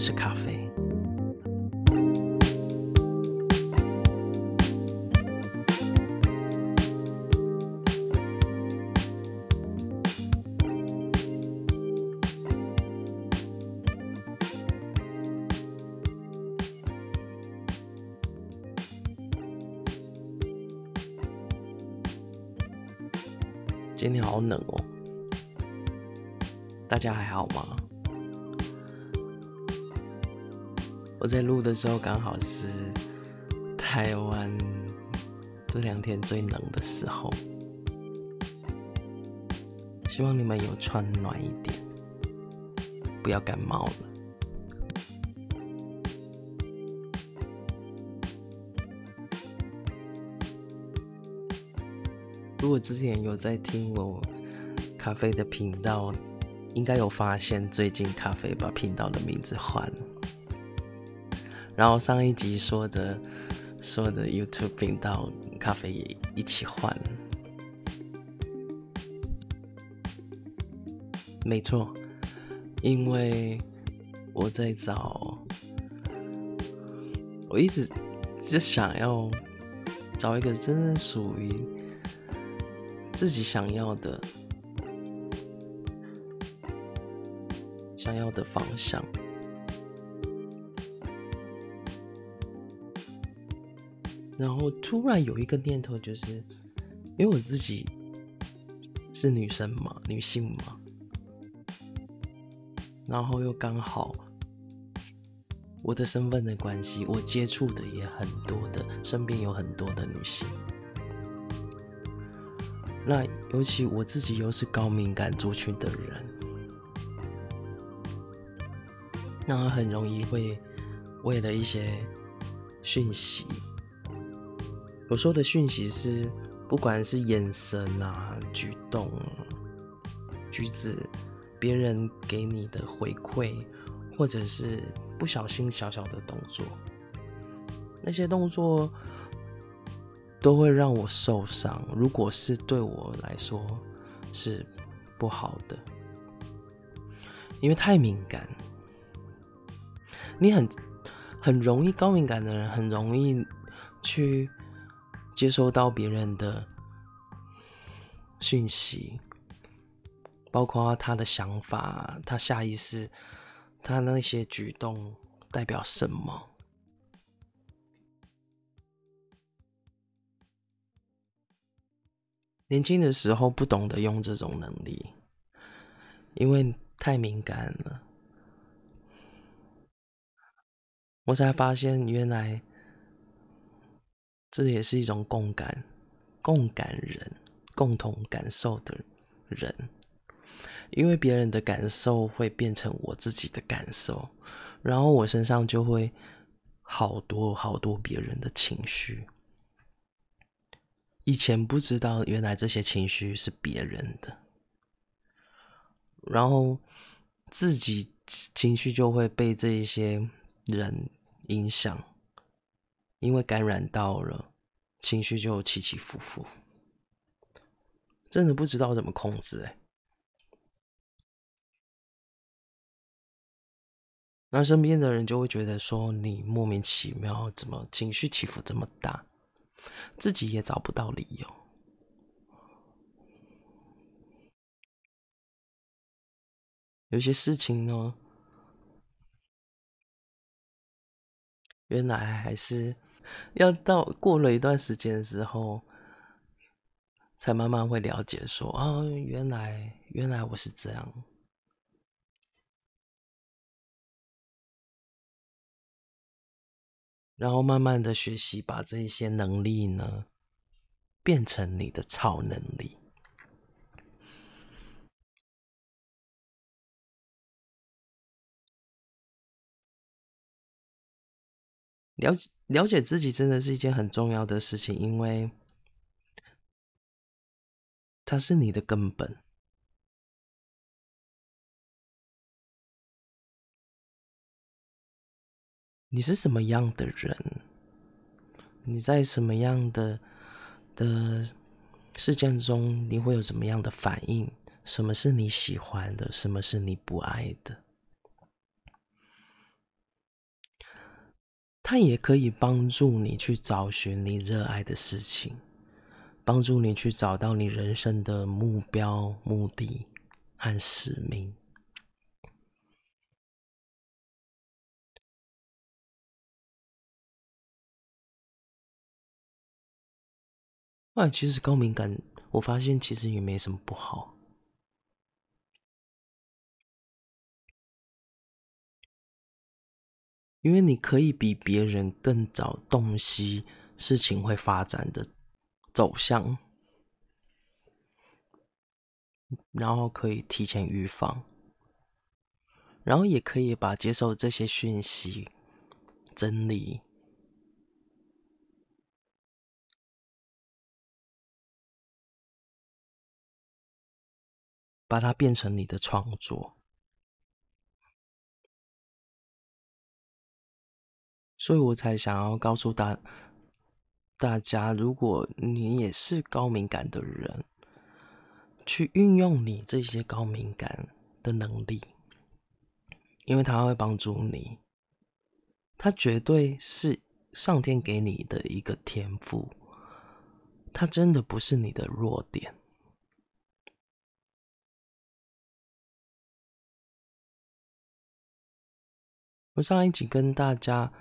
是咖啡。今天好冷哦，大家還好嗎？在錄的時候剛好是台灣這兩天最冷的時候，希望你們有穿暖一點，不要感冒了。如果之前有在聽我咖啡的頻道，應該有發現最近咖啡把頻道的名字換了。然後上一集說的說的 YouTube 頻道咖啡也一起換，沒錯，因為我在找，我一直就想要找一個真正屬於自己想要的、想要的方向。然後突然有一個念頭，就是因為我自己是女生嘛，女性嘛，然後又剛好我的身份的關係，我接觸的也很多的，身邊有很多的女性，那尤其我自己又是高敏感族群的人，那很容易會為了一些訊息。我說的訊息是，不管是眼神啊、舉動、啊、舉止，別人給你的回饋，或者是不小心小小的動作，那些動作都會讓我受傷。如果是對我來說是不好的，因為太敏感，你很很容易高敏感的人很容易去。接收到別人的訊息，包括他的想法，他下意識，他那些舉動代表什麼？年輕的時候不懂得用這種能力，因為太敏感了。我才發現，原來。這也是一種共感，共感人，共同感受的人，因為別人的感受會變成我自己的感受，然後我身上就會好多好多別人的情緒。以前不知道，原來這些情緒是別人的，然後自己情緒就會被這一些人影響。因為感染到了，情緒就起起伏伏，真的不知道怎麼控制誒。那身邊的人就會覺得說，你莫名其妙，怎麼情緒起伏這麼大？自己也找不到理由。有些事情呢，原來還是。要到過了一段時間之後，才慢慢會了解說啊，原來原來我是這樣，然後慢慢的學習，把這些能力呢，變成你的超能力，了解。了解自己真的是一件很重要的事情，因為它是你的根本。你是什麼樣的人？你在什麼樣的的事件中，你會有什麼樣的反應？什麼是你喜歡的？什麼是你不愛的？它也可以幫助你去找尋你熱愛的事情，幫助你去找到你人生的目標、目的和使命。哎，其實高敏感，我發現其實也沒什麼不好。因為你可以比別人更早洞悉事情會發展的走向，然後可以提前預防，然後也可以把接受這些訊息、整理，把它變成你的創作。所以我才想要告訴大大家，如果你也是高敏感的人，去運用你這些高敏感的能力，因為他會幫助你，他絕對是上天給你的一個天賦，他真的不是你的弱點。我上一集跟大家。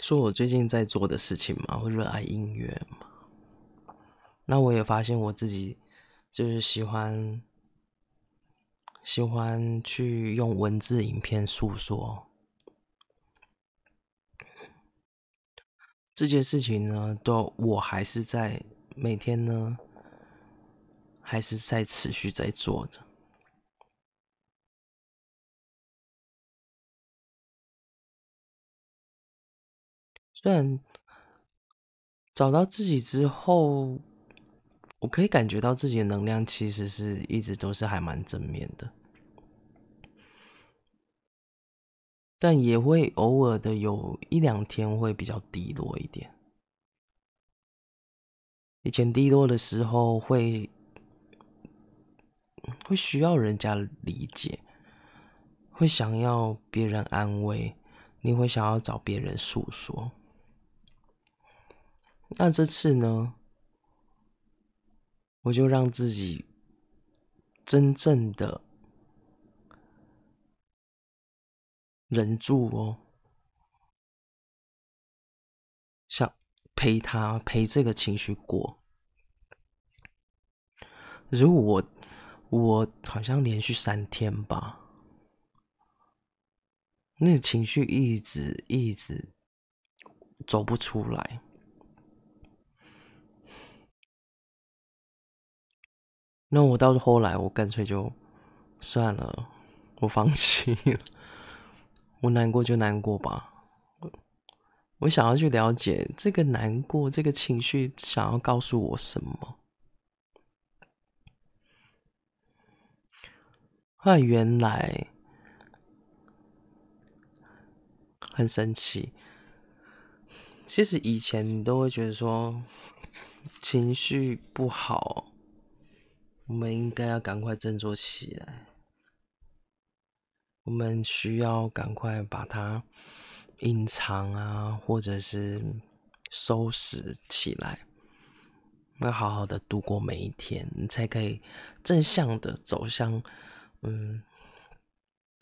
說我最近在做的事情嘛，我熱愛音樂嘛，那我也發現我自己就是喜歡喜歡去用文字、影片訴說這些事情呢，都我還是在每天呢，還是在持續在做的。雖然找到自己之後，我可以感覺到自己的能量其實是一直都是還蠻正面的，但也會偶爾的有一兩天會比較低落一點。以前低落的時候會、會會需要人家理解，會想要別人安慰，你會想要找別人訴說。那這次呢？我就讓自己真正的忍住哦，想陪他陪這個情緒過。如果我，我好像連續三天吧，那情緒一直一直走不出來。那我到後來，我乾脆就算了，我放棄了。我難過就難過吧。我想要去了解這個難過，這個情緒想要告訴我什麼？來，啊，原來很神奇。其實以前你都會覺得說情緒不好。我們應該要趕快振作起來，我們需要趕快把它隱藏啊，或者是收拾起來，要好好的度過每一天，你才可以正向的走向，嗯，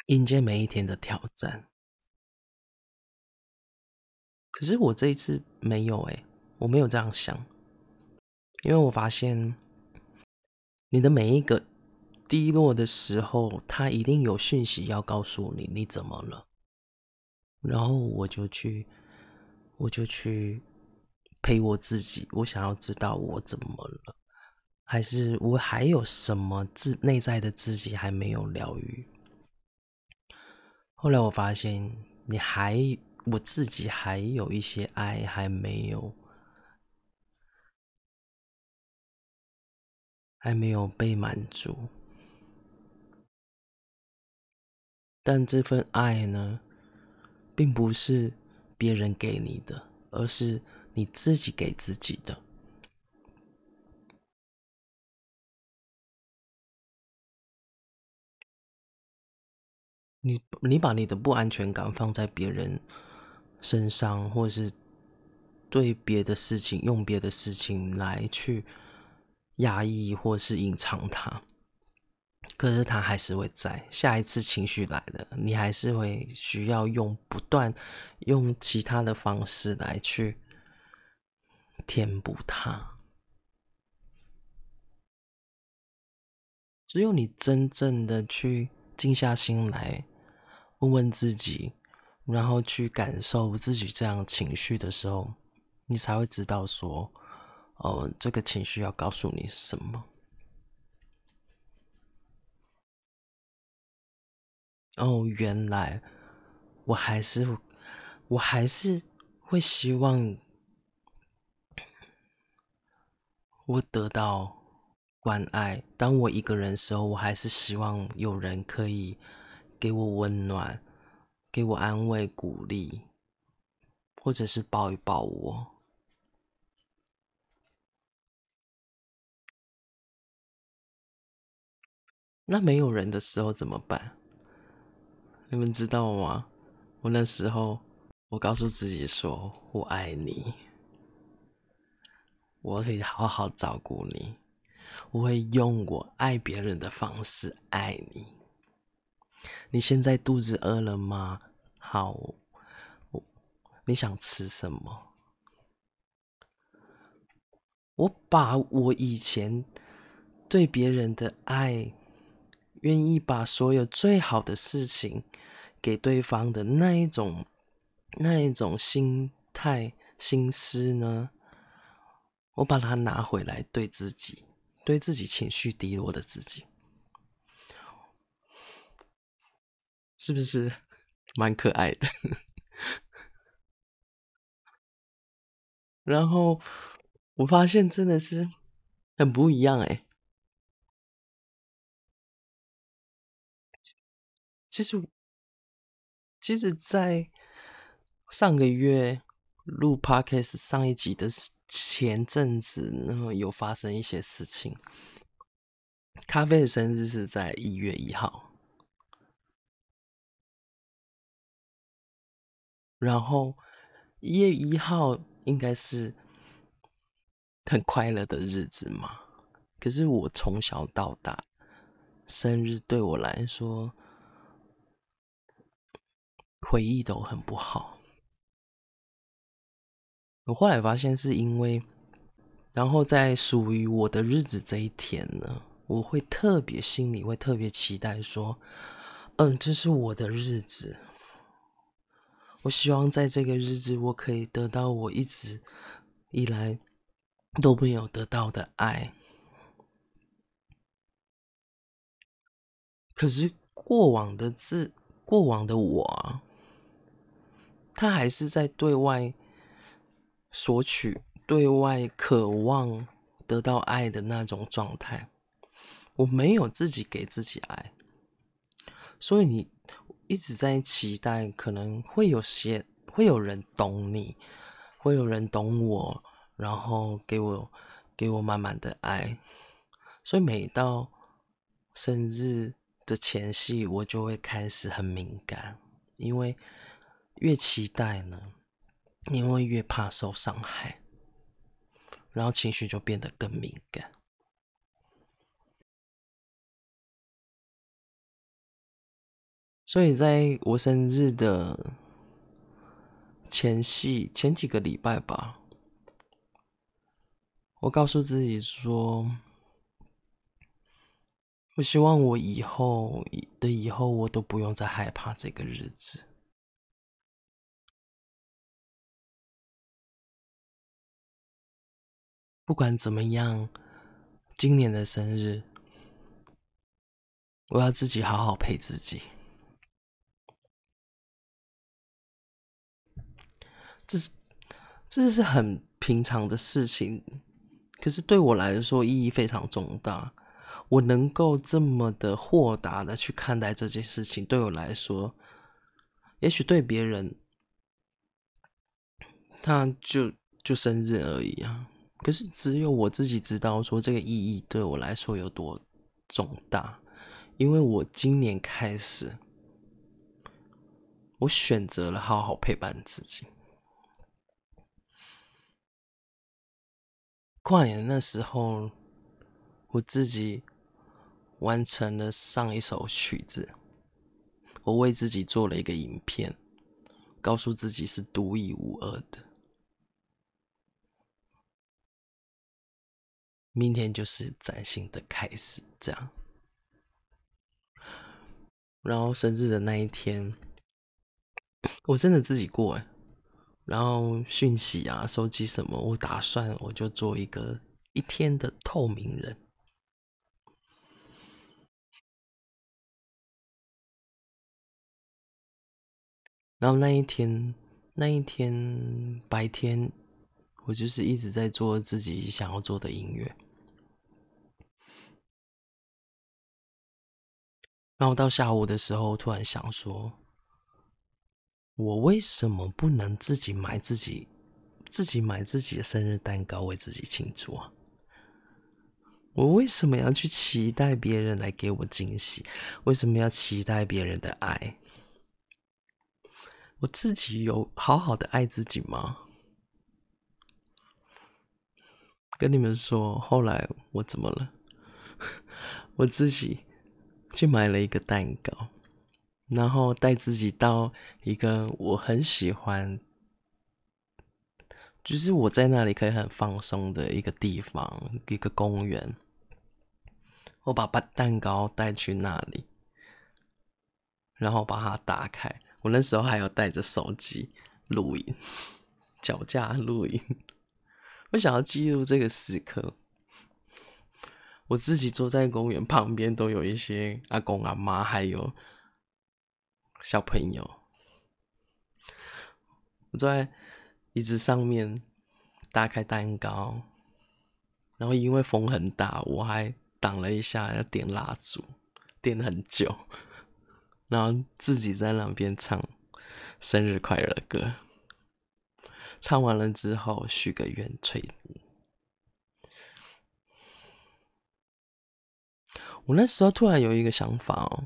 迎接每一天的挑戰。可是我這一次沒有欸，我沒有這樣想，因為我發現。你的每一個低落的時候，他一定有訊息要告訴你，你怎麼了？然後我就去，我就去陪我自己。我想要知道我怎麼了，還是我還有什麼自內在的自己還沒有療癒？後來我發現，你還，我自己還有一些愛還沒有。還沒有被滿足，但這份愛呢，並不是別人給你的，而是你自己給自己的。你你把你的不安全感放在別人身上，或是對別的事情，用別的事情來去。壓抑或是隱藏它，可是它還是會在下一次情緒來了，你還是會需要用不斷用其他的方式來去填補它。只有你真正的去靜下心來，問問自己，然後去感受自己這樣情緒的時候，你才會知道說。哦，這個情緒要告訴你什麼？哦，原來我還是我還是會希望我得到關愛。當我一個人的時候，我還是希望有人可以給我溫暖，給我安慰、鼓勵，或者是抱一抱我。那沒有人的時候怎麼辦？你們知道嗎？我那時候，我告訴自己說：“我愛你，我會好好照顧你，我會用我愛別人的方式愛你。”你現在肚子餓了嗎？好，我你想吃什麼？我把我以前對別人的愛。願意把所有最好的事情給對方的那一種、那一種心態、心思呢？我把它拿回來，對自己，對自己情緒低落的自己，是不是蠻可愛的？ 然後我發現真的是很不一樣哎。其實，其實，在上個月錄 Podcast 上一集的前陣子，然後有發生一些事情。咖啡的生日是在一月一號，然後一月一號應該是很快樂的日子嘛。可是我從小到大，生日對我來說。回憶都很不好。我後來發現是因為，然後在屬於我的日子這一天呢，我會特別心裡會特別期待說：“嗯，這是我的日子。我希望在這個日子，我可以得到我一直以來都沒有得到的愛。”可是過往的自，過往的我啊。他還是在對外索取、對外渴望得到愛的那種狀態。我沒有自己給自己愛，所以你一直在期待，可能會有些會有人懂你，會有人懂我，然後給我給我滿滿的愛。所以每到生日的前夕，我就會開始很敏感，因為。越期待呢，你會越怕受傷害，然後情緒就變得更敏感。所以，在我生日的前幾前幾個禮拜吧，我告訴自己說，我希望我以後的以後，我都不用再害怕這個日子。不管怎麼樣，今年的生日我要自己好好陪自己。這是這是很平常的事情，可是對我來說意義非常重大。我能夠這麼的豁達的去看待這件事情，對我來說，也許對別人，他就就生日而已啊。可是只有我自己知道，說這個意義對我來說有多重大。因為我今年開始，我選擇了好好陪伴自己。跨年的時候，我自己完成了上一首曲子，我為自己做了一個影片，告訴自己是獨一無二的。明天就是嶄新的開始，這樣。然後生日的那一天，我真的自己過哎，然後訊息啊，收集什麼，我打算我就做一個一天的透明人。然後那一天，那一天白天，我就是一直在做自己想要做的音樂。然後到下午的時候，突然想說：“我為什麼不能自己買自己、自己買自己的生日蛋糕，為自己慶祝啊？我為什麼要去期待別人來給我驚喜？為什麼要期待別人的愛？我自己有好好的愛自己嗎？”跟你們說，後來我怎麼了？我自己。去買了一個蛋糕，然後帶自己到一個我很喜歡，就是我在那裡可以很放鬆的一個地方，一個公園。我把把蛋糕帶去那裡，然後把它打開。我那時候還有帶着手機錄影，腳架錄影，我想要記錄這個時刻。我自己坐在公園旁邊，都有一些阿公阿媽，還有小朋友。我坐在椅子上面，打開蛋糕，然後因為風很大，我還擋了一下，要點蠟燭，點很久，然後自己在那邊唱生日快樂歌。唱完了之後，許個願吹。我那時候突然有一個想法哦，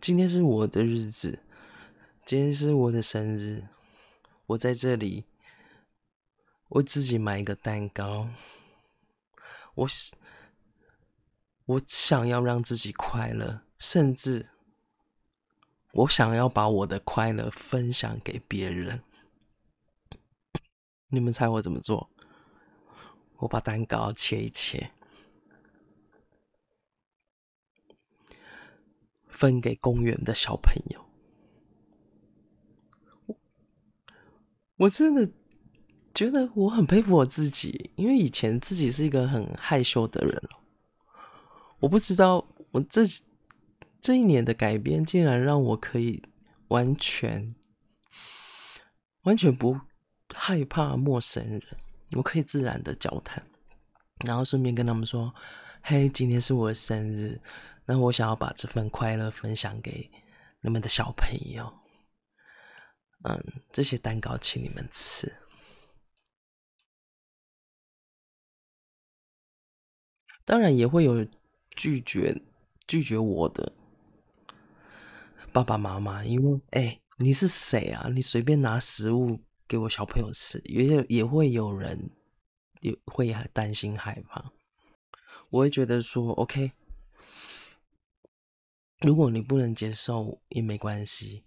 今天是我的日子，今天是我的生日，我在這裡，我自己買一個蛋糕，我我想要讓自己快樂，甚至我想要把我的快樂分享給別人。你們猜我怎麼做？我把蛋糕切一切。分給公園的小朋友，我真的覺得我很佩服我自己，因為以前自己是一個很害羞的人。我不知道我這這一年的改變，竟然讓我可以完全完全不害怕陌生人，我可以自然的交談，然後順便跟他們說。嘿，hey, 今天是我的生日，那我想要把這份快樂分享給你們的小朋友。嗯，這些蛋糕請你們吃。當然也會有拒絕拒絕我的爸爸媽媽，因為哎、欸，你是誰啊？你隨便拿食物給我小朋友吃，有也，也會有人也會擔心害怕。我會覺得說，OK，如果你不能接受也沒關係。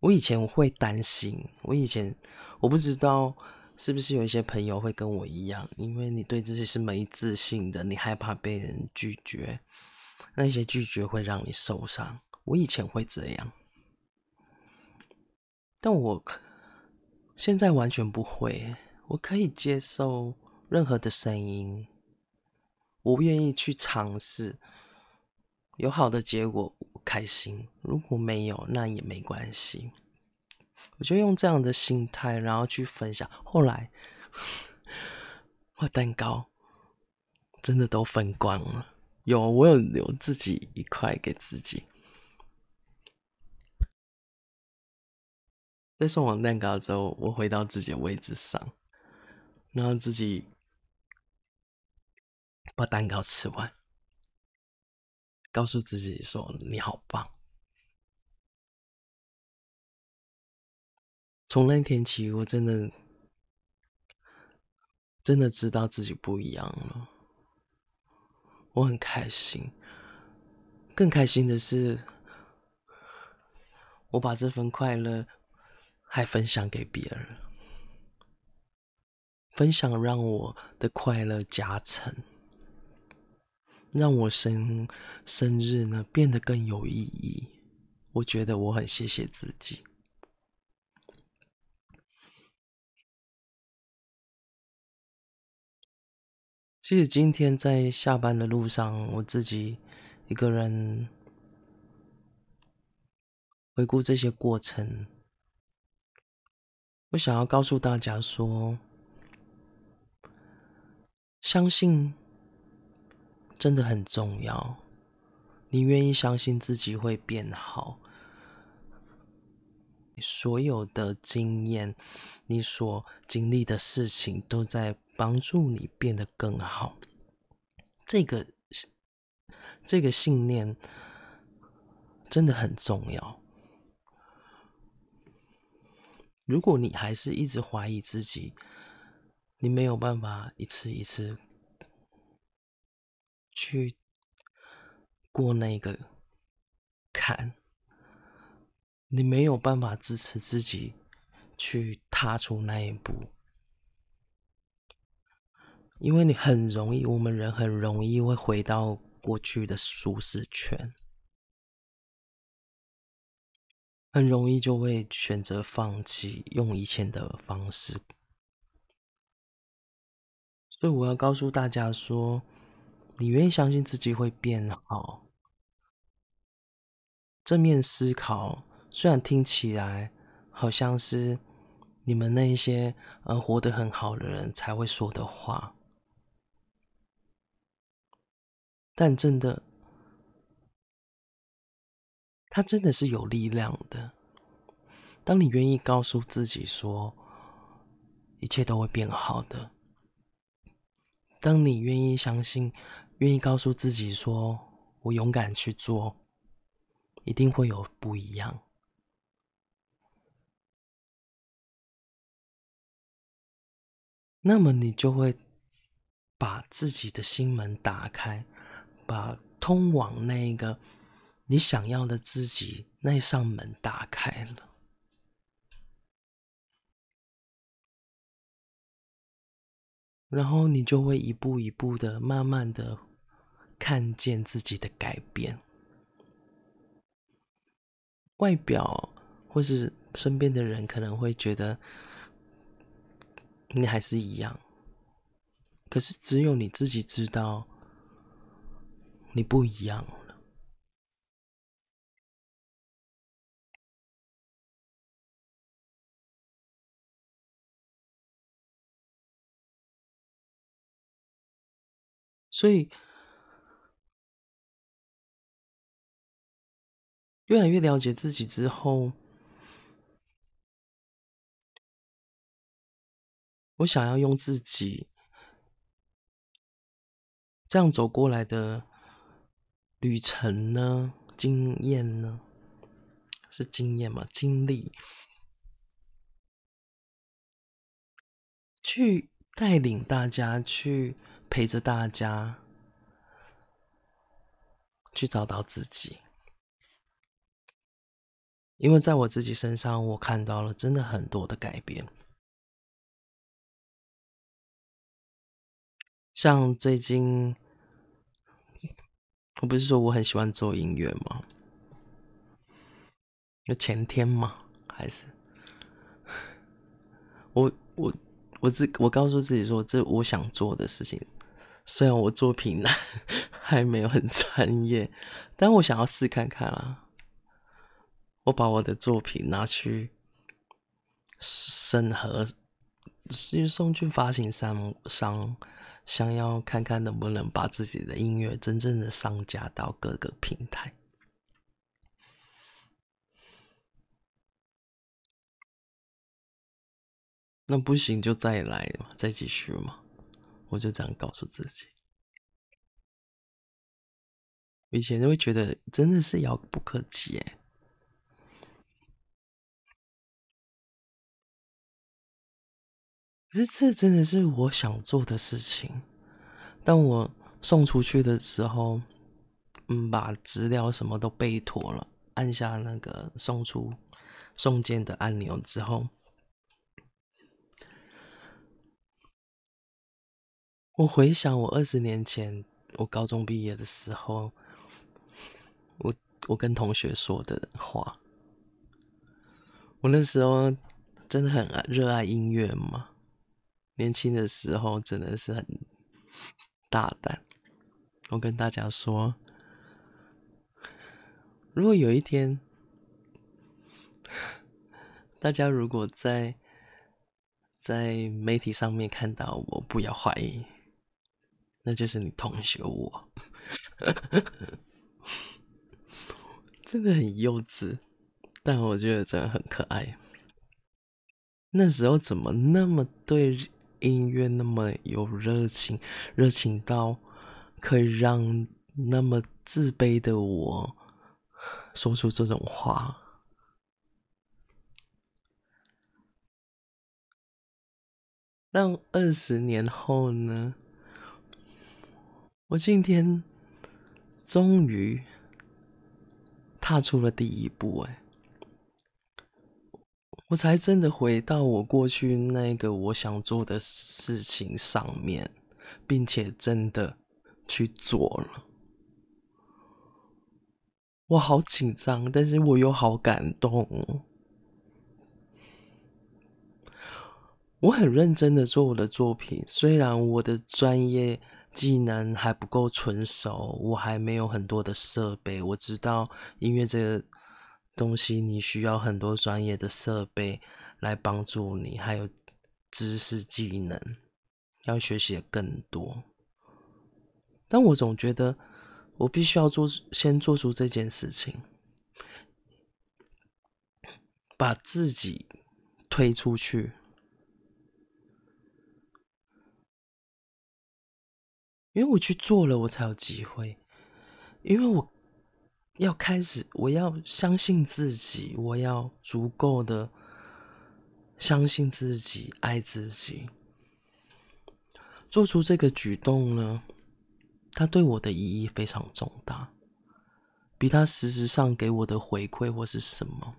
我以前會擔心，我以前我不知道是不是有一些朋友會跟我一樣，因為你對自己是沒自信的，你害怕被人拒絕，那些拒絕會讓你受傷。我以前會這樣，但我現在完全不會，我可以接受任何的聲音。我不願意去嘗試，有好的結果我開心；如果沒有，那也沒關係。我就用這樣的心態，然後去分享。後來，我蛋糕真的都分光了。有，我有留自己一塊給自己。在送完蛋糕之後，我回到自己的位置上，然後自己。把蛋糕吃完，告訴自己說：“你好棒。”從那天起，我真的、真的知道自己不一樣了。我很開心，更開心的是，我把這份快樂還分享給別人，分享讓我的快樂加成。讓我生生日呢，變得更有意義，我覺得我很謝謝自己。其實今天在下班的路上，我自己一個人回顧這些過程，我想要告訴大家說，相信。真的很重要。你願意相信自己會變好，所有的經驗，你所經歷的事情，都在幫助你變得更好。這個這個信念真的很重要。如果你還是一直懷疑自己，你沒有辦法一次一次。去過那個坎，你沒有辦法支持自己去踏出那一步，因為你很容易，我們人很容易會回到過去的舒適圈，很容易就會選擇放棄用以前的方式，所以我要告訴大家說。你願意相信自己會變好，正面思考雖然聽起來好像是你們那些嗯，活得很好的人才會說的話，但真的，它真的是有力量的。當你願意告訴自己說一切都會變好的，當你願意相信。願意告訴自己說：“我勇敢去做，一定會有不一樣。”那麼你就會把自己的心門打開，把通往那個你想要的自己那扇門打開了，然後你就會一步一步的，慢慢的。看見自己的改變，外表或是身邊的人可能會覺得你還是一樣，可是只有你自己知道，你不一樣了。所以。越來越了解自己之後，我想要用自己這樣走過來的旅程呢，經驗呢，是經驗嗎？經歷去帶領大家，去陪着大家，去找到自己。因為在我自己身上，我看到了真的很多的改變。像最近，我不是說我很喜歡做音樂嗎？那前天嘛，還是我我我自我告訴自己說，這是我想做的事情，雖然我作品呢還沒有很專業，但我想要試看看啊。我把我的作品拿去審核，去送去發行商，商想要看看能不能把自己的音樂真正的上架到各個平台。那不行就再來嘛，再繼續嘛，我就這樣告訴自己。以前就會覺得真的是遙不可及。這這真的是我想做的事情，當我送出去的時候，嗯，把資料什麼都備妥了，按下那個送出送件的按鈕之後，我回想我二十年前我高中畢業的時候，我我跟同學說的話，我那時候真的很愛熱愛音樂嘛。年輕的時候真的是很大膽。我跟大家說，如果有一天，大家如果在在媒體上面看到我，不要懷疑，那就是你同學我。 真的很幼稚，但我覺得真的很可愛。那時候怎麼那麼對？音樂那麼有熱情，熱情到可以讓那麼自卑的我說出這種話。但二十年後呢，我今天終於踏出了第一步哎、欸。我才真的回到我過去那個我想做的事情上面，並且真的去做了。我好緊張，但是我又好感動。我很認真的做我的作品，雖然我的專業技能還不夠純熟，我還沒有很多的設備，我知道音樂這個。東西你需要很多專業的設備來幫助你，還有知識技能要學習更多。但我總覺得我必須要做，先做出這件事情，把自己推出去。因為我去做了，我才有機會，因為我。要開始，我要相信自己，我要足夠的相信自己，愛自己，做出這個舉動呢，它對我的意義非常重大，比它實質上給我的回饋或是什麼。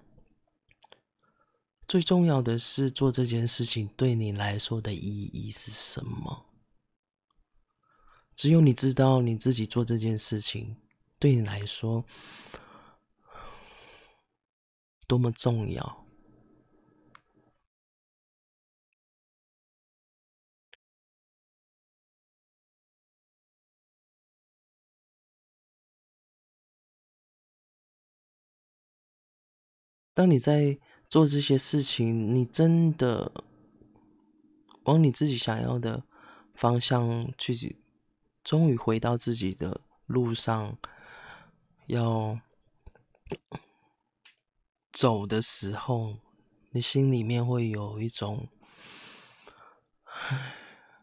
最重要的是，做這件事情對你來說的意義是什麼。只有你知道你自己做這件事情。對你來說，多麼重要。當你在做這些事情，你真的往你自己想要的方向去，終於回到自己的路上。要走的時候，你心裡面會有一種，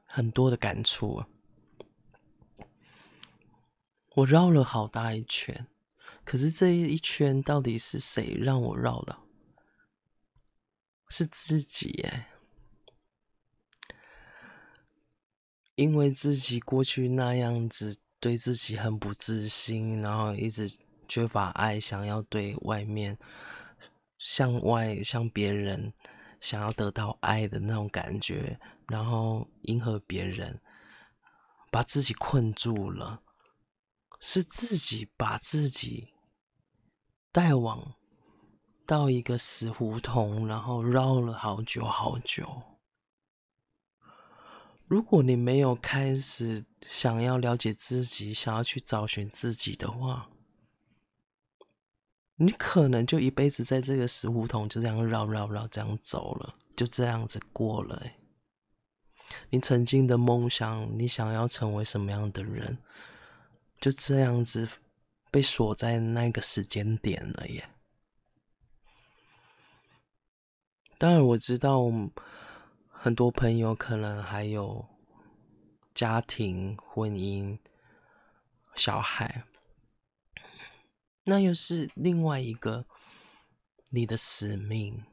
很多的感觸啊。我繞了好大一圈，可是這一圈到底是誰讓我繞的？是自己欸。因為自己過去那樣子。對自己很不自信，然後一直缺乏愛，想要對外面、向外、向別人想要得到愛的那種感覺，然後迎合別人，把自己困住了，是自己把自己帶往到一個死胡同，然後繞了好久好久。如果你沒有開始想要了解自己，想要去找尋自己的話，你可能就一輩子在這個死胡同就這樣繞繞繞這樣走了，就這樣子過了。你曾經的夢想，你想要成為什麼樣的人，就這樣子被鎖在那個時間點了耶。當然，我知道。很多朋友可能還有家庭、婚姻、小孩，那又是另外一個你的使命。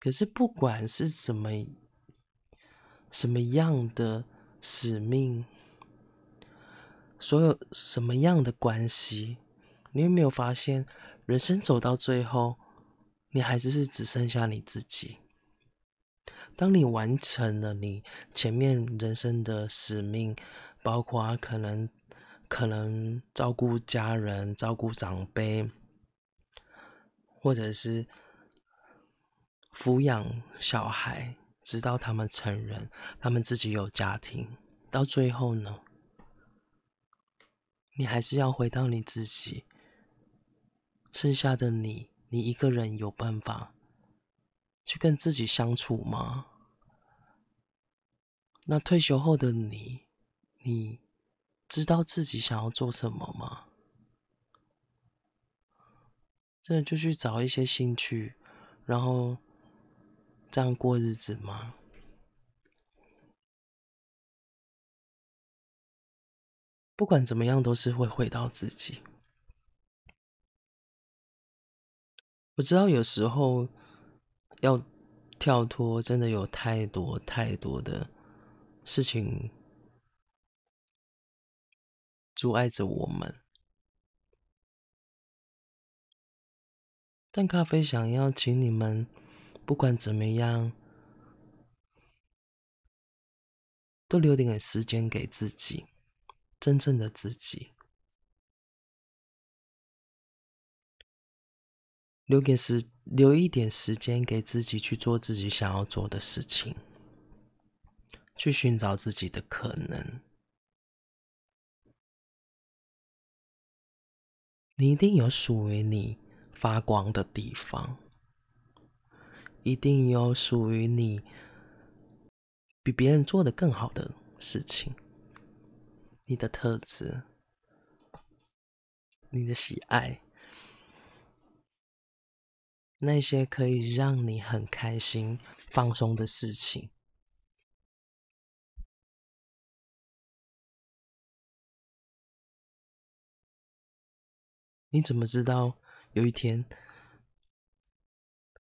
可是不管是怎麼什麼樣的使命，所有什麼樣的關係，你有沒有發現，人生走到最後，你還是是只剩下你自己。當你完成了你前面人生的使命，包括可能可能照顧家人、照顧長輩，或者是撫養小孩，直到他們成人，他們自己有家庭，到最後呢，你還是要回到你自己，剩下的你。你一個人有辦法去跟自己相處嗎？那退休後的你，你知道自己想要做什麼嗎？真的就去找一些興趣，然後這樣過日子嗎？不管怎麼樣，都是會回到自己。我知道有時候要跳脫，真的有太多太多的事情阻礙着我們。但咖啡想要請你們，不管怎麼樣，都留點點時間給自己，真正的自己。留給時，留一點時間給自己，去做自己想要做的事情，去尋找自己的可能。你一定有屬於你發光的地方，一定有屬於你比別人做得更好的事情。你的特質，你的喜愛。那些可以讓你很開心、放鬆的事情，你怎麼知道有一天，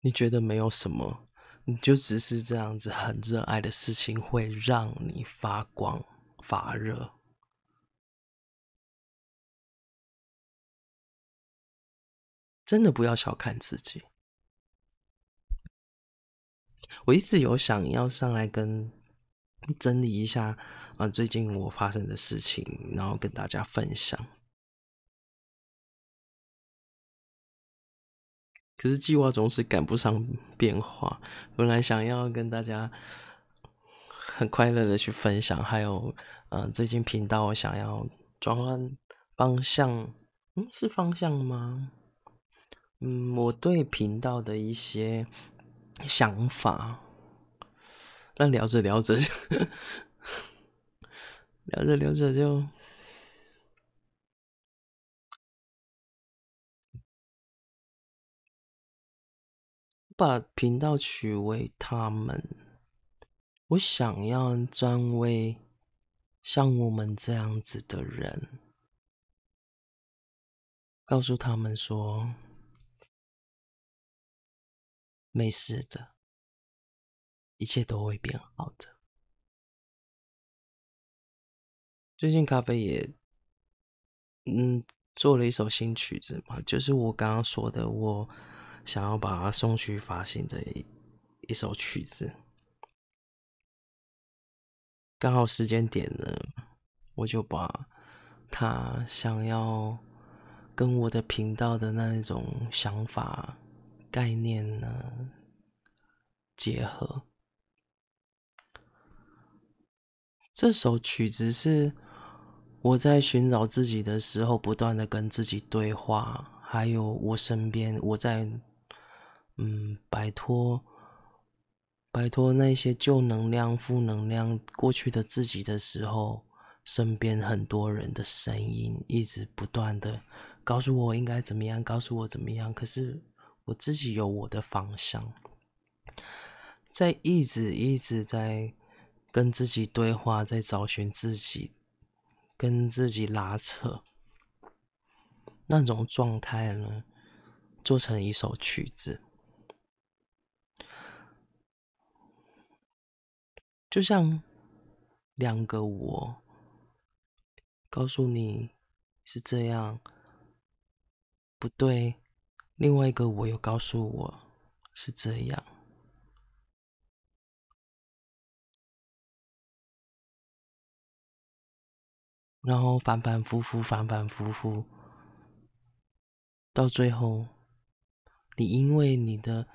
你覺得沒有什麼，你就只是這樣子很熱愛的事情，會讓你發光發熱？真的不要小看自己。我一直有想要上來跟整理一下啊、呃，最近我發生的事情，然後跟大家分享。可是計劃總是趕不上變化，本來想要跟大家很快樂的去分享，還有嗯、呃，最近頻道我想要轉換方向，嗯，是方向嗎？嗯，我對頻道的一些。想法，但聊着聊着 聊着聊着就把頻道取為她們。我想要專為像我們這樣子的人，告訴他們說。沒事的，一切都會變好的。最近咖啡也，嗯，做了一首新曲子嘛，就是我剛剛說的，我想要把它送去發行的一一首曲子。剛好時間點呢，我就把它想要跟我的頻道的那一種想法。概念呢，結合。這首曲子是我在尋找自己的時候，不斷的跟自己對話，還有我身邊，我在嗯，擺脫擺脫那些舊能量、負能量、過去的自己的時候，身邊很多人的聲音一直不斷的告訴我應該怎麼樣，告訴我怎麼樣，可是。我自己有我的方向，在一直一直在跟自己對話，在找尋自己，跟自己拉扯，那種狀態呢，做成一首曲子，就像兩個我，告訴你是這樣，不對。另外一個，我又告訴我是這樣，然後反反复复，反反复复，到最後，你因為你的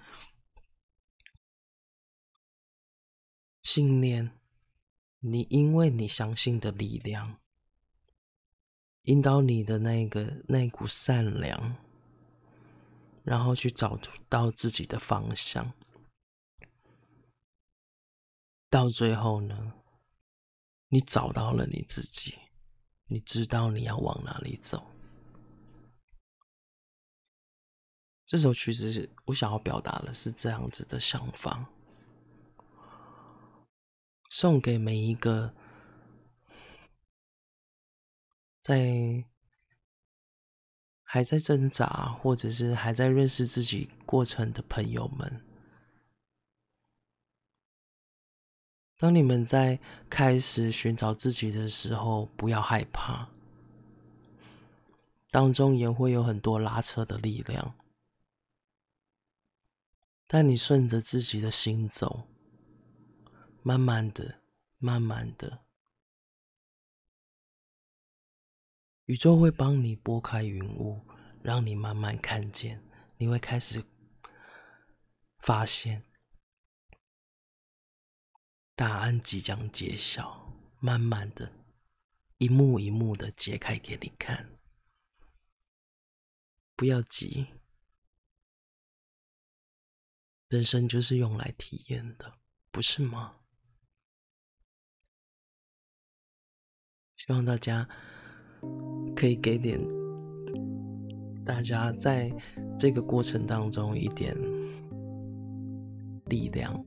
信念，你因為你相信的力量，引導你的那個那股善良。然後去找到自己的方向，到最後呢，你找到了你自己，你知道你要往哪裡走。這首曲子我想要表達的是這樣子的想法，送給每一個在，還在掙扎，或者是還在認識自己過程的朋友們，當你們在開始尋找自己的時候，不要害怕，當中也會有很多拉扯的力量，但你順着自己的心走，慢慢的，慢慢的。宇宙會幫你撥開雲霧，讓你慢慢看見。你會開始發現，答案即將揭曉，慢慢的，一幕一幕的解開給你看。不要急，人生就是用來體驗的，不是嗎？希望大家。可以給點大家在這個過程當中一點力量。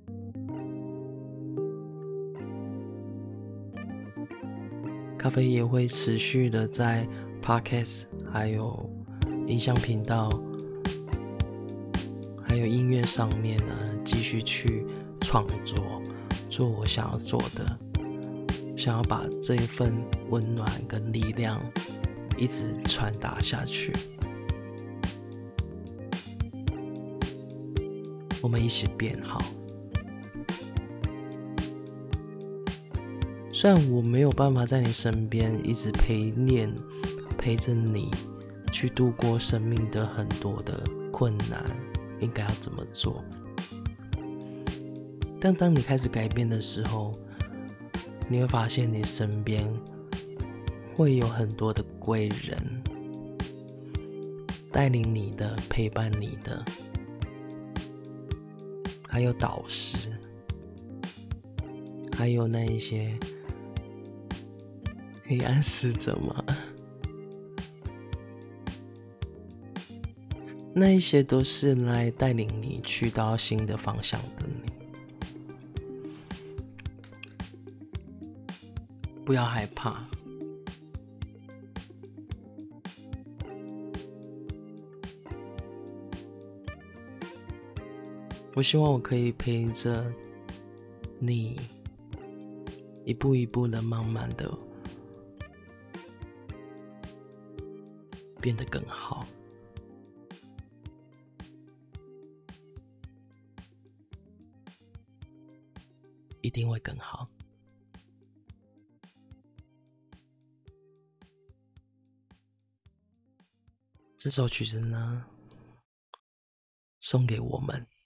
咖啡也會持續的在 Podcast 還有音像頻道，還有音樂上面呢、啊，繼續去創作，做我想要做的。想要把這一份溫暖跟力量一直傳達下去，我們一起變好。雖然我沒有辦法在你身邊一直陪念，陪着你去度過生命的很多的困難，應該要怎麼做？但當你開始改變的時候，你會發現，你身邊會有很多的貴人，帶領你的、陪伴你的，還有導師，還有那一些黑暗使者嗎？那一些都是來帶領你去到新的方向的你。不要害怕，我希望我可以陪着你，一步一步的慢慢的變得更好，一定會更好。這首曲子呢，送給我們。